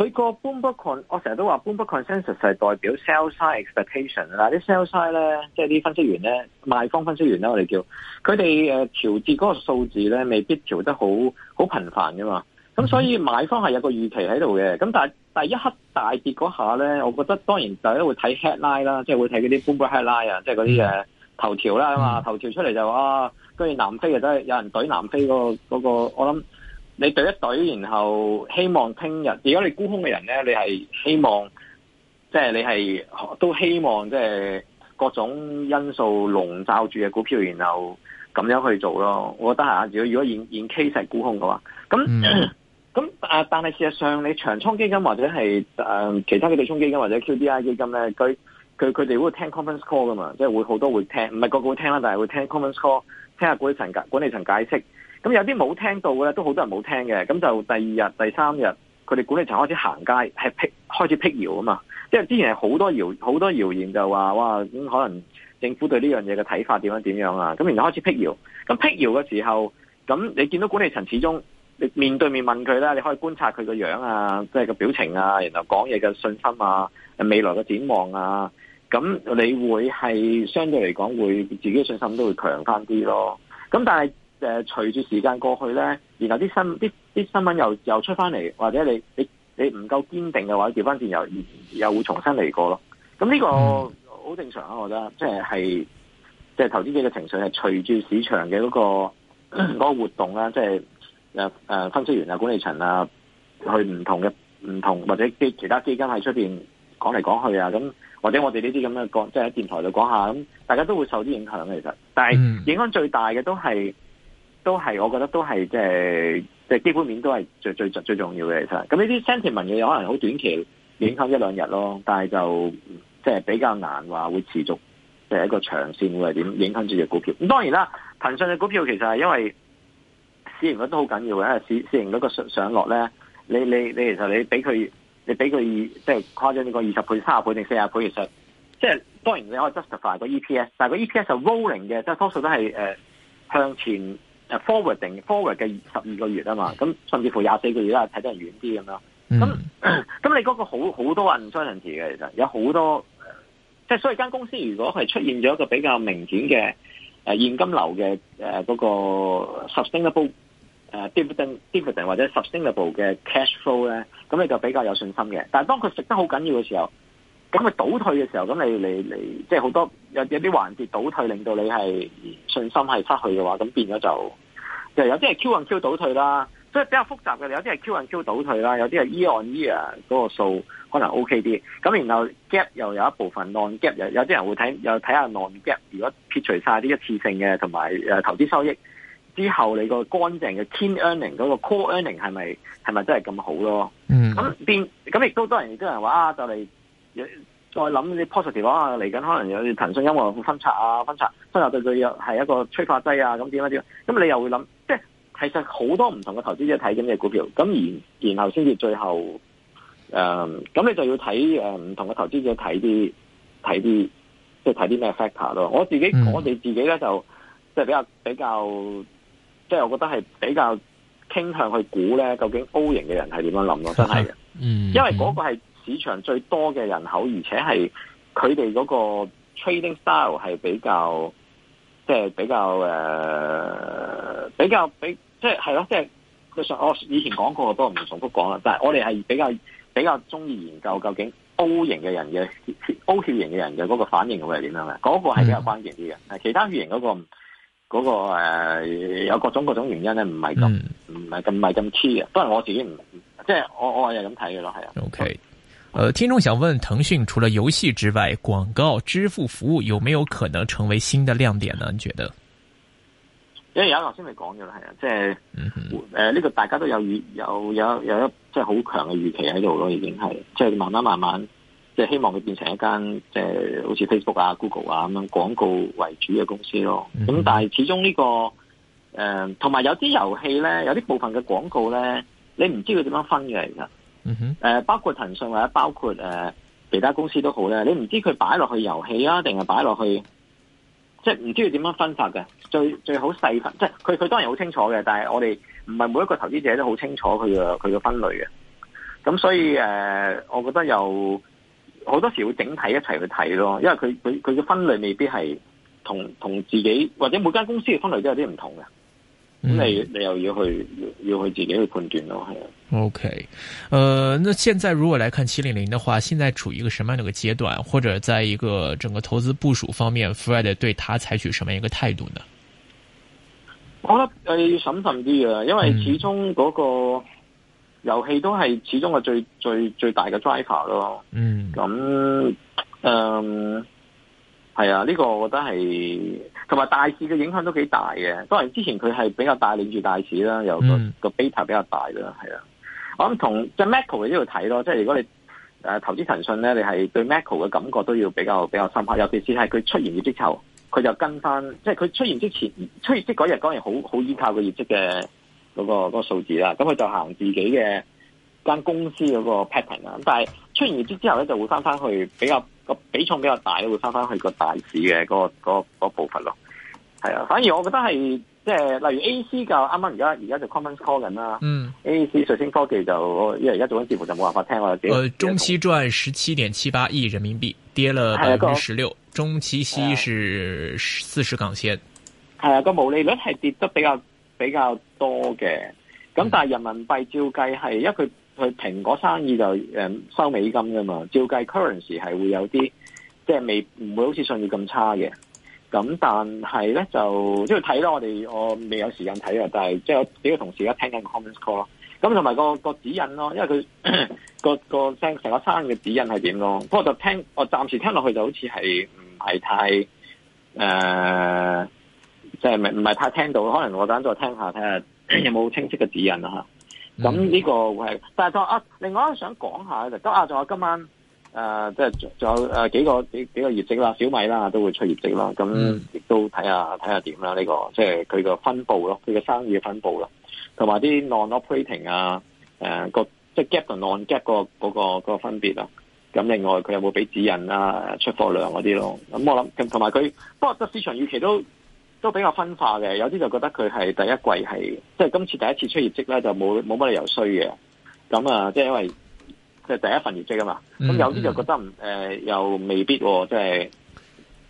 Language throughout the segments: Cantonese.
佢個 Bloomberg con，我成日都話 Bloomberg consensus 係代表 sell side expectation 啦。啲 sell side 咧，即係啲分析員咧，賣方分析員呢，我哋叫佢哋、呃、調節嗰個數字咧，未必調得好好頻繁噶嘛。咁所以買方係有個預期喺度嘅。咁但係第一刻大跌嗰下咧，我覺得當然就係會睇 headline 啦，即係會睇嗰啲 Bloomberg headline 啊、嗯，即係嗰啲誒頭條啦嘛。頭條出嚟就話，跟、嗯、住、啊、南非又真係有人懟南非嗰、那、嗰、個那個，我諗。你對一對，然後希望聽日。如果你沽空嘅人咧，你係希望，即係你係都希望，即係各種因素籠罩住嘅股票，然後咁樣去做咯。我覺得啊，如果如果演演 case 係沽空嘅話，咁咁啊，但係、呃、事實上你長倉基金或者係其他嘅對沖基金或者 QDII 基金咧，佢佢佢哋會聽 conference call 噶嘛，即係會好多會聽，唔係個個會聽啦，但係會聽 conference call，聽下管理層解管理層解釋。咁有啲冇聽到嘅咧，都好多人冇聽嘅。咁就第二日、第三日，佢哋管理層開始行街，係辟開始辟謠啊嘛。即係之前係好多謠好多謠言就，就話哇，咁可能政府對呢樣嘢嘅睇法點樣點樣啊。咁然後開始辟謠。咁辟謠嘅時候，咁你見到管理層始終你面對面問佢啦，你可以觀察佢個樣啊，即係個表情啊，然後講嘢嘅信心啊，未來嘅展望啊，咁你會係相對嚟講會自己信心都會強翻啲咯。咁但係。誒，隨住時間過去咧，然後啲新啲啲新聞又又出翻嚟，或者你你你唔夠堅定嘅話，調翻轉又又會重新嚟過咯。咁呢個好正常啊，我覺得，即係即係投資者嘅情緒係隨住市場嘅嗰個嗰個活動啦，即係誒誒，分析員啊，管理層啊，去唔同嘅唔同或者其,其他基金喺出邊講嚟講去啊，咁或者我哋呢啲咁嘅講，即係喺電台度講下，咁大家都會受啲影響嘅，其實，但係影響最大嘅都係。都係，我覺得都係即係即係基本面都係最最最重要嘅。其實咁呢啲 sentiment 嘅嘢有可能好短期影響一兩日咯。但係就即係、就是、比較難話會持續，即係一個長線會係點影響住隻股票。咁當然啦，騰訊嘅股票其實係因為市盈率都好緊要嘅。因為市市盈率個上上落咧，你你你其實你俾佢你俾佢即係誇張呢個二十倍、三十倍定四十倍，其實即係當然你可以 justify 個 EPS，但係個 EPS 係 rolling 嘅，即係多數都係、呃、向前。Forwarding, forward 定 forward 嘅十二個月啊嘛，咁甚至乎廿四個月啦，睇得人遠啲咁樣。咁咁、嗯、你嗰個好好多 uncertainty 嘅，其實有好多，即係所以間公司如果係出現咗一個比較明顯嘅誒現金流嘅嗰、呃嗰個 sustainable dividend、呃、dividend 或者 sustainable 嘅 cash flow 咧，咁你就比較有信心嘅。但係當佢食得好緊要嘅時候。咁佢倒退嘅時候，咁你你你，即係好多有有啲環節倒退，令到你係信心係失去嘅話，咁變咗就又有啲係 Q on Q 倒退啦，即係比較複雜嘅。有啲係 Q on Q 倒退啦，有啲係 year on year 嗰個數可能 OK 啲。咁然後 gap 又有一部分 non gap，有有啲人會睇又睇下 non gap。如果撇除晒啲一次性嘅同埋誒投資收益之後，你個乾淨嘅 key earning 嗰個 core earning 係咪係咪真係咁好咯？嗯、mm.，咁變咁亦都多人亦都話就嚟。再諗啲 positive 啊，嚟緊可能有啲騰訊音樂分拆啊，分拆分拆對佢又係一個催化劑啊，咁點樣點樣，咁你又會諗，即係其實好多唔同嘅投資者睇緊嘅股票，咁然然後先至最後，誒、嗯，咁你就要睇誒唔同嘅投資者睇啲睇啲，即係睇啲咩 factor 咯。我自己、嗯、我哋自己咧就即係比較比較，即係我覺得係比較傾向去估咧，究竟 O 型嘅人係點樣諗咯，真係嘅，因為嗰個係市場最多嘅人口，而且係佢哋嗰個 trading style 係比較，即係比較誒、呃，比較比即係係咯，即係佢我以前講過好多，唔重複講啦。但係我哋係比較比較鍾意研究究竟 O 型嘅人嘅 O 血型嘅人嘅嗰個反應會係點樣嘅？嗰、嗰個係比較關鍵啲嘅、嗯。其他血型嗰、嗰個嗰、嗰個、呃、有各種各種原因咧，唔係咁唔係咁唔係咁黐嘅。不過、嗯、我自己唔即係我我係咁睇嘅咯，係啊。OK。呃，聽眾想問騰訊，除了遊戲之外，廣告、支付服務有沒有可能成為新的亮點呢？你覺得？因為有頭先咪講咗啦，係啊，即係誒，呢個大家都有預有有有一即係好強嘅預期喺度咯，已經係即係慢慢慢慢，即係希望佢變成一間即係好似 Facebook 啊、Google 啊咁樣廣告為主嘅公司咯。咁但係始終呢個誒，同埋有啲遊戲咧，有啲部分嘅廣告咧，你唔知佢點樣分嘅其實。嗯哼，誒、呃，包括騰訊或者包括誒、呃、其他公司都好咧，你唔知佢擺落去遊戲啊，定係擺落去，即係唔知佢點樣分法嘅。最最好細分，即係佢佢當然好清楚嘅，但係我哋唔係每一個投資者都好清楚佢嘅佢嘅分類嘅。咁所以誒、呃，我覺得有好多時會整體一齊去睇咯，因為佢佢佢嘅分類未必係同同自己或者每間公司嘅分類都有啲唔同嘅。咁你你又要去、嗯、要去自己去判斷咯，係啊。OK，誒，那現在如果來看七零零的話，現在處於一個什麼樣一個階段，或者在一個整個投資部署方面，Fred 對他採取什麼樣一個態度呢？我覺得誒，審慎啲啊，因為始終嗰個遊戲都係始終係最最最大嘅 driver 咯。嗯，咁誒。呃係啊，呢、呢個我覺得係同埋大市嘅影響都幾大嘅。當然之前佢係比較帶領住大市啦，有個、嗯、個 beta 比較大啦，係啊。我諗同即係 Macao 呢度睇咯，即係如果你誒、啊、投資騰訊咧，你係對 Macao 嘅感覺都要比較比較深刻。尤其是係佢出現業績後，佢就跟翻，即係佢出現之前，出業績嗰日嗰日好好依靠嘅業績嘅嗰個嗰、嗰個數、嗰個、字啦。咁佢就行自己嘅間公司嗰個 pattern 啦。但係出現業績之後咧，就會翻翻去比較。比重比較大咯，會翻翻去個大市嘅嗰、那個那個那個部分咯。係啊，反而我覺得係即係例如 A C 就啱啱而家而家就 conference call 緊啦。嗯，A C 瑞星科技就因為而家做緊節目，就冇辦法聽啦。誒、呃，中期賺十七點七八億人民幣，跌了百分之十六。中期息是四十港仙。係啊，個毛利率係跌得比較比較多嘅。咁但係人民幣照計係、嗯、因為佢。佢蘋果生意就誒收美金噶嘛，照計 currency 係會有啲，即係未唔會好似信譽咁差嘅。咁但係咧就即係睇咯，我哋我未有時間睇啊，但係即係我幾個同事而家聽緊 comment call 咯。咁同埋個個指引咯，因為佢個個成個生意嘅指引係點咯。不過就聽我暫時聽落去就好似係唔係太誒，即係唔係太聽到。可能我等我再聽下睇下有冇清晰嘅指引啦嚇。咁呢個會係，但係就，啊，另外我想講下就都啊，仲有今晚誒，即係仲有幾個幾個業績啦，小米啦都會出業績啦，咁亦都睇下睇下點啦，呢、這個即係佢個分佈咯，佢嘅生意嘅分佈咯，同埋啲 non-operating 啊，誒、啊、即係 gap 同 non-gap 嗰個、那個分別啊，咁另外佢有冇俾指引啊，出貨量嗰啲咯，咁我諗同埋佢，不過個市場預期都。都比較分化嘅，有啲就覺得佢係第一季係即係今次第一次出業績咧，就冇冇乜理由衰嘅。咁啊，即係因為即係第一份業績啊嘛。咁有啲就覺得唔誒，呃，又未必哦，即係。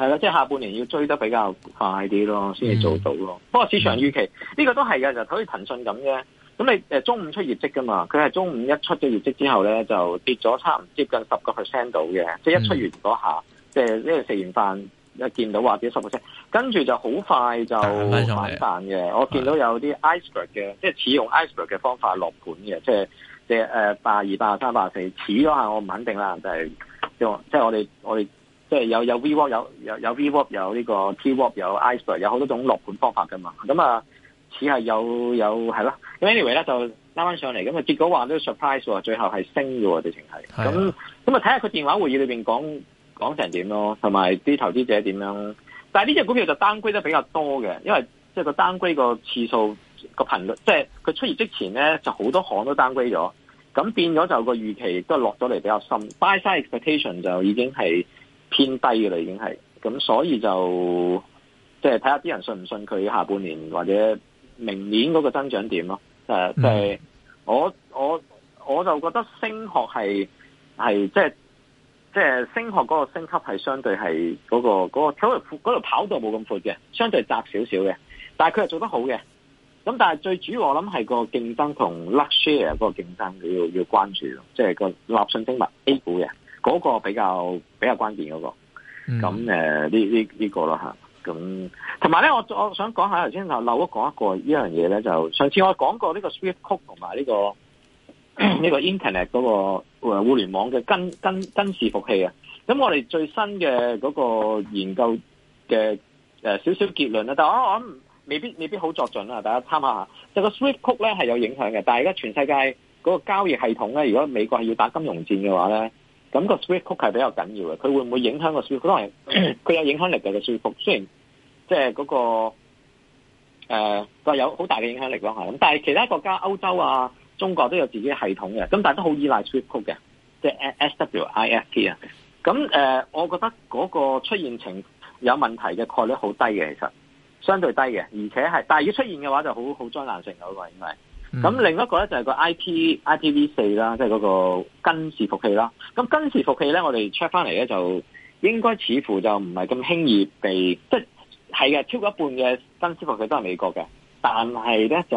係啦，即係下半年要追得比較快啲咯，先至做到咯、嗯。不過市場預期呢、嗯呢個都係嘅，就好似騰訊咁啫。咁你中午出業績噶嘛？佢係中午一出咗業績之後咧，就跌咗差唔接近十個 percent 度嘅。即係一出完嗰下，即係呢個食完飯一見到話跌十 percent，跟住就好快就反彈嘅。我見到有啲 iceberg 嘅，即係使用 iceberg 嘅方法落盤嘅，即係即係誒八二八三八四，似咗下我唔肯定啦，就係、是、即係我哋我哋。即係有有 v w a p 有有有 v w p 有呢個 t w a p 有 i s p e r t 有好多種落盤方法噶嘛，咁啊似係有有係咯。咁 anyway 咧就拉翻上嚟，咁啊結果話都 surprise 喎，最後係升嘅，喎，哋淨係咁咁啊睇下佢電話會議裏面講講成點咯，同埋啲投資者點樣。但係呢隻股票就單 o 得比較多嘅，因為即係個單 o 個個次數個頻率，即係佢出業之前咧就好多行都單 o 咗，咁變咗就個預期都落咗嚟比較深，buy side expectation 就已經係。偏低嘅啦，已經係咁，所以就即係睇下啲人信唔信佢下半年或者明年嗰個增長點咯。誒、啊，即係我我我就覺得星學係係即係即係星學嗰個升級係相對係嗰、嗰個嗰個度跑道冇咁闊嘅，相對窄少少嘅，但係佢係做得好嘅。咁但係最主要我諗係個競爭同 Luxshare 嗰個競爭，你要要關注咯，即係個立訊精密 A 股嘅。嗰、那個比較比較關鍵嗰、那個，咁誒、呃這個、呢呢呢個啦嚇，咁同埋咧，我我想講下頭先就漏一講一個依樣嘢咧，就上次我講過呢個 Swift Code 同埋呢個呢、這個 Internet 嗰個互互聯網嘅跟根根伺服器啊，咁我哋最新嘅嗰個研究嘅誒少少結論咧，但我諗未必未必好作準啊，大家參考下，就係個 Swift Code 咧係有影響嘅，但係而家全世界嗰個交易系統咧，如果美國係要打金融戰嘅話咧。咁、那個 swift code 係比較緊要嘅，佢會唔會影響個 swift？可能佢有影響力嘅個 swift，雖然即係嗰個誒個、呃、有好大嘅影響力咯，係咁。但係其他國家歐洲啊、中國都有自己系統嘅，咁但係都好依賴 swift code 嘅，即係 s w i f t 啊。咁、呃、誒，我覺得嗰個出現情有問題嘅概率好低嘅，其實相對低嘅，而且係但係要出現嘅話就好好災難性嘅咯，因、那、為、個。咁、嗯、另外一個咧就係個 IP，IPv4 啦，即係嗰個根伺服器啦。咁根伺服器咧，我哋 check 翻嚟咧，就應該似乎就唔係咁輕易被即係係嘅，超過一半嘅根伺服器都係美國嘅，但係咧就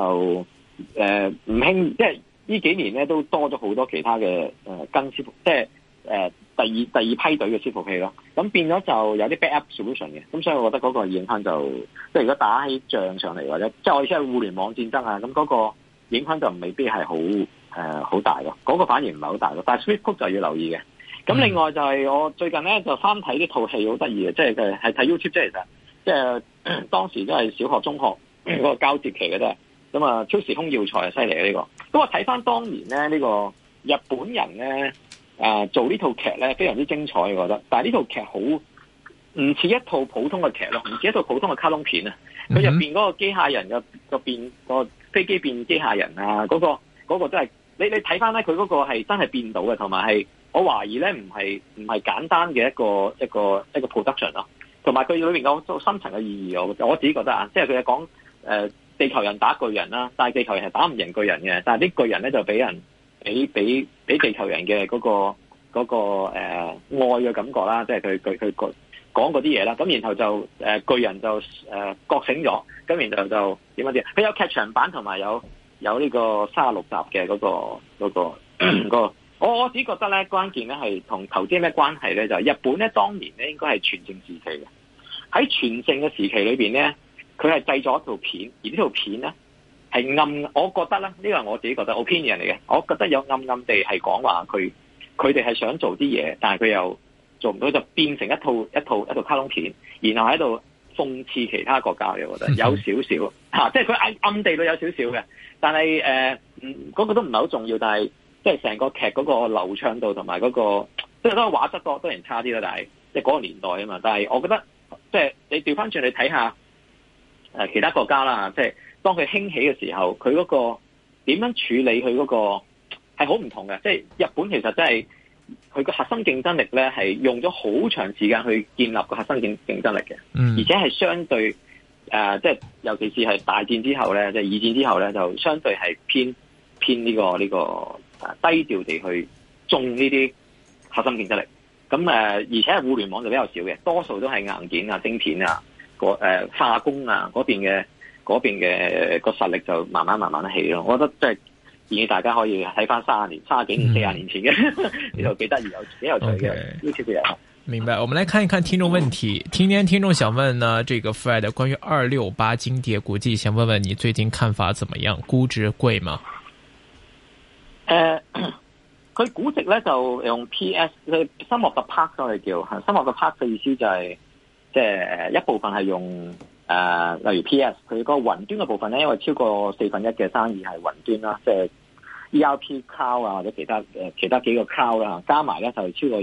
誒唔輕，即係呢幾年咧都多咗好多其他嘅誒根伺服，即係誒第二第二批隊嘅伺服器咯。咁變咗就有啲 backup solution 嘅，咁所以我覺得嗰個影響就即係如果打起仗上嚟或者即出我互聯網戰爭啊，咁嗰、那個影響就未必係好誒好大咯，嗰、那個反而唔係好大咯。但係 Switch o u 就要留意嘅。咁另外就係、是、我最近咧就翻睇呢套戲好得意嘅，即係係睇 YouTube 即係其實即係當時都係小學、中學嗰、那個交接期嘅啫。咁、那、啊、個、超時空要塞係犀利嘅呢個。咁啊睇翻當年咧呢、這個日本人咧啊、呃、做這呢套劇咧非常之精彩，我覺得。但係呢套劇好唔似一套普通嘅劇咯，唔似一套普通嘅卡通片啊。佢入邊嗰個機械人入邊個飛機變機械人啊！嗰個嗰個真係你你睇翻咧，佢嗰個係真係變到嘅，同埋係我懷疑咧，唔係唔係簡單嘅一個一個一個 production 咯。同埋佢裏面有深層嘅意義，我我自己覺得啊，即係佢係講誒地球人打巨人啦，但係地球人係打唔贏巨人嘅，但係啲巨人咧就俾人俾俾俾地球人嘅嗰個嗰個誒愛嘅感覺啦，即係佢佢佢。講嗰啲嘢啦，咁然後就誒巨人就誒、呃、覺醒咗，咁然後就點啊點，佢有劇場版同埋有有呢個三十六集嘅嗰個嗰個個，那個嗯、我我自己覺得咧關鍵咧係同投資有咩關係咧？就係、日本咧當年咧應該係全，全盛時期嘅，喺全盛嘅時期裏邊咧，佢係製作一套片，而片呢套片咧係暗，我覺得咧呢個我自己覺得 opinion 嚟嘅，我覺得有暗暗地係講話佢佢哋係想做啲嘢，但係佢又。做唔到就變成一套一套一套卡通片，然後喺度諷刺其他國家嘅，我覺得有少少、 啊、即係佢暗地都有少少嘅。但係嗰、呃嗰個都唔係好重要。但係即係成個劇嗰個流暢度同埋嗰個，即係都係畫質多雖然差啲啦。但係即係嗰個年代啊嘛。但係我覺得即係你調翻轉去睇下誒其他國家啦，即係當佢興起嘅時候，佢嗰、嗰個點樣處理佢嗰、嗰個係好唔同嘅。即係日本其實真、就、係、是。佢個核心競爭力咧，係用咗好長時間去建立個核心競競爭力嘅，而且係相對誒，即、呃、係尤其是係大戰之後咧，即、就、係、是、二戰之後咧，就相對係偏偏呢、這個呢、這個誒、啊、低調地去種呢啲核心競爭力。咁、嗯、誒、呃，而且係互聯網就比較少嘅，多數都係硬件啊、晶片啊、誒、呃、化工啊嗰邊嘅嗰邊嘅個、呃、實力就慢慢慢慢起咯。我覺得即、就、係、是。建議大家可以睇翻卅年、卅幾年、四十年前嘅，又幾得意又幾有趣嘅、okay，明白，我們來看一看聽眾問題。今天聽眾想問呢，這個個 Fred 關於二六八金蝶國際，估計想問問你最近看法怎麼樣？估值貴嗎？誒、呃，佢估值咧就用 P/S，佢 sum of the part 咧叫 sum of the part 嘅意思就係即係一部分係用。誒，例如 P S，佢個雲端嘅部分咧，因為超過四分一嘅生意係雲端啦，即係 E R P Cloud 啊，或者其他誒其他幾個 Cloud 啊，加埋咧就超過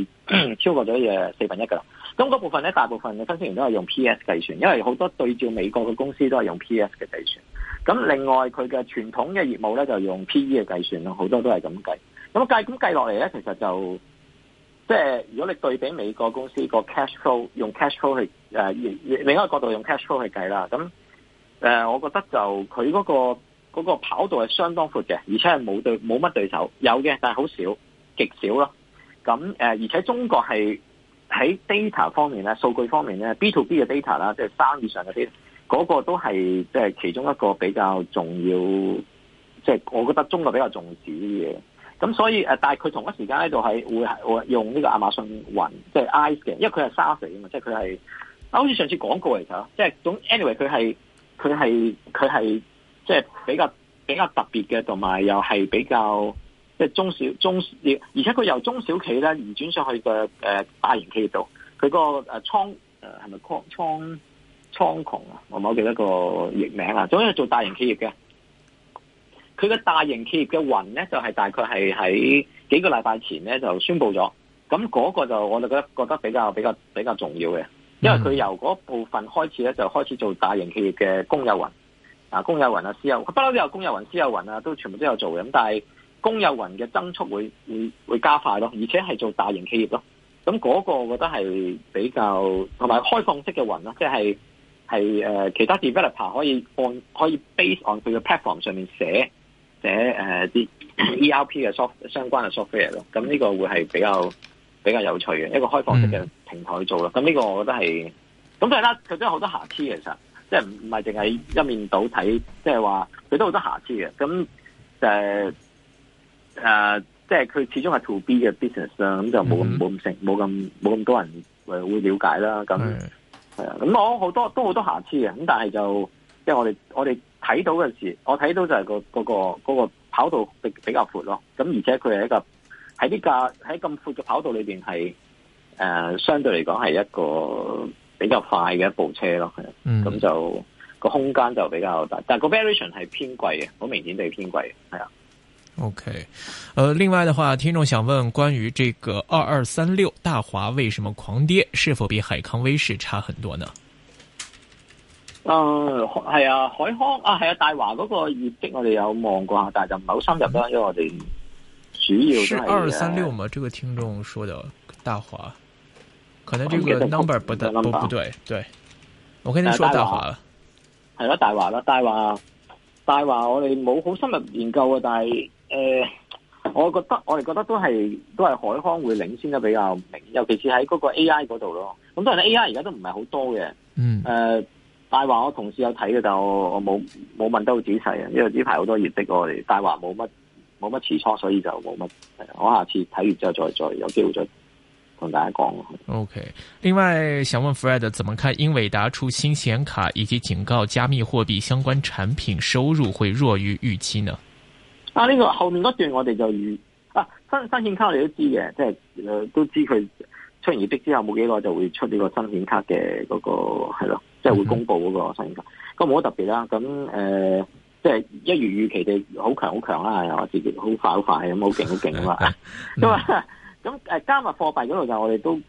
超過咗四分一噶啦。咁嗰部分咧，大部分嘅分析員都係用 P S 計算，因為好多對照美國嘅公司都係用 P S 嘅計算。咁另外佢嘅傳統嘅業務咧，就用 P E 嘅計算啦，好多都係咁計。咁計咁計落嚟咧，其實就即係如果你對比美國公司個 cash flow 用 cash flow 去。誒、呃、另外一個角度用 cash flow 去計啦，咁誒、呃、我覺得就佢嗰、那個嗰、那個跑道係相當闊嘅，而且係冇對冇乜對手，有嘅但係好少，極少咯。咁、呃、而且中國係喺 data 方面咧、數據方面咧，B to B 嘅 data 啦，即係生意上嗰啲，嗰個都係即係其中一個比較重要，即、就、係、是、我覺得中國比較重視啲嘢。咁所以、呃、但係佢同一時間咧就係會用呢個亞馬遜雲，即、就、係、是、ice 嘅，因為佢係沙 a a 嘛，即係佢係。啊，好似上次廣告嚟嘅，即係總 anyway 佢係佢係佢係，即、anyway，係、就是、比較比較特別嘅，同埋又係比較即係、就是、中小中，而且佢由中小企咧移轉上去嘅誒、呃、大型企業度，佢個誒倉，誒係咪倉倉倉窮啊？呃、是是窮窮窮，我唔好記得個譯名啊，總之做大型企業嘅，佢個大型企業嘅雲咧就係、是、大概係喺幾個禮拜前咧就宣布咗，咁嗰個就我就覺得覺得比較比較比較重要嘅。因為佢由嗰部分開始咧，就開始做大型企業嘅公有雲。啊，公有雲啊、私有，不嬲都有公有雲、私有雲啊，都全部都有做咁。但係公有雲嘅增速會會會加快咯，而且係做大型企業咯。咁嗰個我覺得係比較同埋開放式嘅雲咯，即係係誒其他 developer 可以按可以 base on 佢嘅 platform 上面寫寫誒啲 ERP 嘅 soft 相關嘅 software 咯。咁呢個會係比較。比較有趣嘅一個開放式嘅平台做咯，咁、嗯、呢個我覺得係咁，但係咧佢都有好多瑕疵嘅，其實即係唔唔係淨係一面倒睇，即係話佢都好多瑕疵嘅。咁誒誒，即係佢始終係 to B 嘅 business 啦，咁就冇冇咁成，冇咁冇咁多人誒會了解啦。咁係啊，咁我好多都好多瑕疵嘅，咁但係就即係我哋我哋睇到嘅時，我睇到，到就係、嗰個、嗰個、嗰個跑道比比較闊咯。咁而且佢係一個。喺呢架喺咁闊嘅跑道裏邊係誒相對嚟講係一個比較快嘅一部車咯，咁、嗯、就個空間就比較大，但係個 valuation 係偏貴嘅，好明顯地偏貴嘅，係啊。OK，誒、呃，另外嘅話，聽眾想問關於這個二二三六大華為什麼狂跌，是否比海康威視差很多呢？誒、呃，係啊，海康啊，係啊，大華嗰個業績我哋有望過，但係就唔係好深入啦，因為我哋。主要係是二三六嘛，嗯、這個聽眾說的，大華，可能這個 number 不不不對，對，對我跟你說大華，係咯大華啦，大華大華，大我哋冇好深入研究啊，但係誒、呃，我覺得我哋覺得都係都係海康會領先得比較明，尤其是喺嗰個 AI 嗰度咯。咁當然，AI 而家都唔係好多嘅，嗯、呃，誒，大華我同事有睇嘅，就我冇冇問得好仔細啊，因為呢排好多業績我哋大華冇乜。冇乜持倉，所以就冇乜。我下次睇完之後再再有機會再同大家講。OK。另外，想問 Fred，怎麼看英偉達出新顯卡，以及警告加密貨幣相關產品收入會弱於預期呢？啊，呢、這個後面嗰段我哋就預啊新新顯卡我哋都知嘅，即係、呃、都知佢出完業績之後冇幾耐就會出呢個新顯卡嘅嗰、那個係咯，即係、就是、會公布嗰個新顯卡，咁冇乜特別啦。咁誒。呃即、就、係、是、一如預期就好強好強啦， 直接好快好快咁好勁好勁啊嘛！咁加密貨幣嗰度就我哋都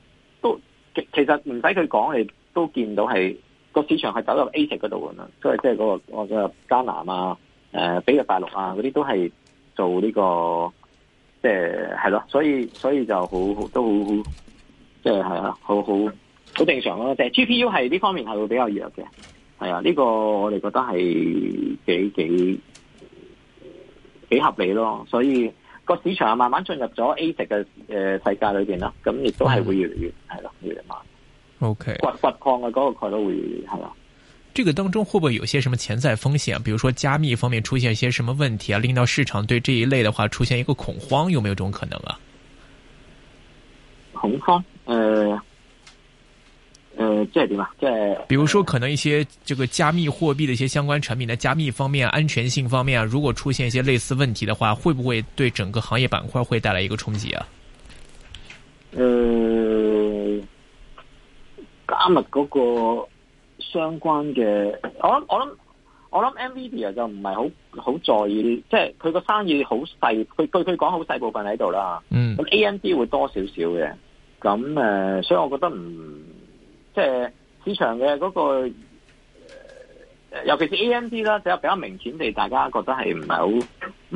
都其實唔使佢講，我哋都見到係個市場係走入 Asia 嗰度㗎嘛，所以即係嗰個嗰個加拿大啊，呃、比如大陸啊嗰啲都係做呢、這個即係係咯，所以所以就好都好即係係啊，好好好正常咯，即、就、係、是、GPU 係呢方面係會比較弱嘅。係啊，呢個我哋覺得係幾幾幾合理咯，所以個市場啊慢慢進入咗 A 值嘅，誒世界裏邊啦，咁亦都係會越嚟越係啦，嗯，越嚟越慢。O K，掘掘礦嘅嗰個概率會係嘛？呢個當中會唔會有些什麼潛在風險？比如說加密方面出現一些什麼問題啊，令到市場對這一類嘅話出現一個恐慌，有冇這種可能啊？恐慌，誒、呃。誒、呃，即係點啊？即係，比如說可能一些這個加密貨幣的一些相關產品的加密方面、啊、安全性方面啊，如果出現一些類似問題的話，會不會對整個行業板塊會帶來一個衝擊啊？誒、呃，加密嗰個相關嘅，我諗我諗我諗 NVIDIA 就唔係好好在意，即係佢個生意好細，佢佢講好細部分喺度啦。嗯，咁 AMD 會多少少嘅，咁誒、呃，所以我覺得唔。即係市場嘅個、嗰個，尤其是 AMD 啦，就比較明顯地，大家覺得係唔係好，唔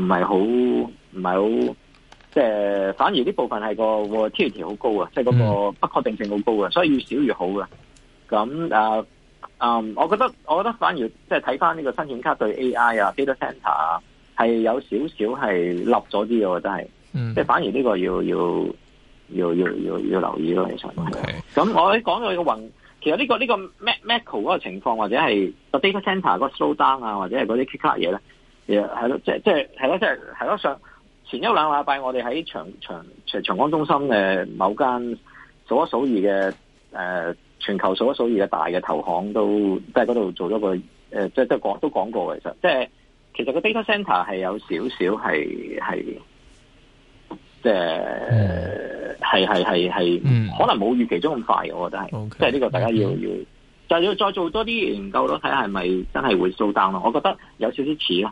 係好，唔係好，即係反而呢部分係個 volatility 好高啊，即係嗰個不確定性好高啊，所以越少越好啊。咁啊，嗯、呃呃，我覺得我覺得反而即係睇返呢個新顯卡對 AI 啊，data center 啊，係有少少係立咗啲嘅，我覺得係，即係反而呢個要要。要要要要留意咯、okay.，其實、這個。咁我講到個雲，其實呢個呢個 Macau 嗰個情況，或者係個 data center 嗰個 slow down 啊，或者係嗰啲 cut 卡嘢咧，其實係咯，即即係咯，即係係咯，上前一兩個禮拜，我哋喺長長長江中心嘅某間數一數二嘅誒、呃、全球數一數二嘅大嘅投行都喺嗰度做咗個誒，即即講都講過其實、就是，即係其實個 data center 係係有少少係。即係係係係，mm. 可能冇預期中咁快，我覺得係，okay. 即係呢個大家要、yeah. 要，就係、要再做多啲研究咯，睇下係咪真係會 sell down 咯。我覺得有少少似咯。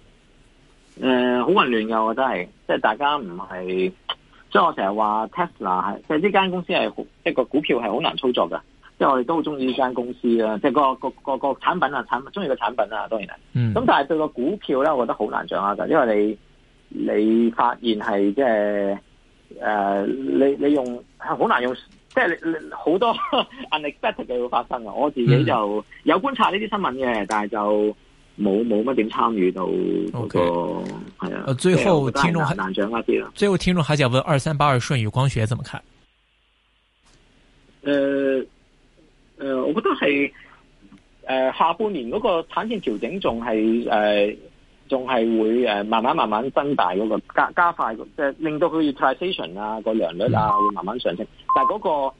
誒、嗯，好混亂噶，我真係即係大家唔係，即係我成日話 Tesla，即係呢間公司係即係個股票係好難操作噶。即係我哋都好中意呢間公司啦，即係個個個個產品啊、產品，中意個產品啊，當然係咁、嗯、但係對個股票咧，我覺得好難掌握噶，因為你你發現係即係誒，你你用好難用，即係你好多 unexpected 嘅會發生。我自己就有觀察呢啲新聞嘅，但係就。冇冇乜點參與到，那個係啊、okay！最後聽眾難，難掌握啲啦。最後聽眾還想問：二三八二舜宇光學怎麼看？誒、呃、誒、呃，我覺得係誒、呃、下半年嗰個產線調整仲係誒仲係會誒、呃、慢慢慢慢增大嗰，那個加加快，即、就、係、是、令到佢 utilization 啊，那個良率啊會慢慢上升，嗯，但係嗰，那個。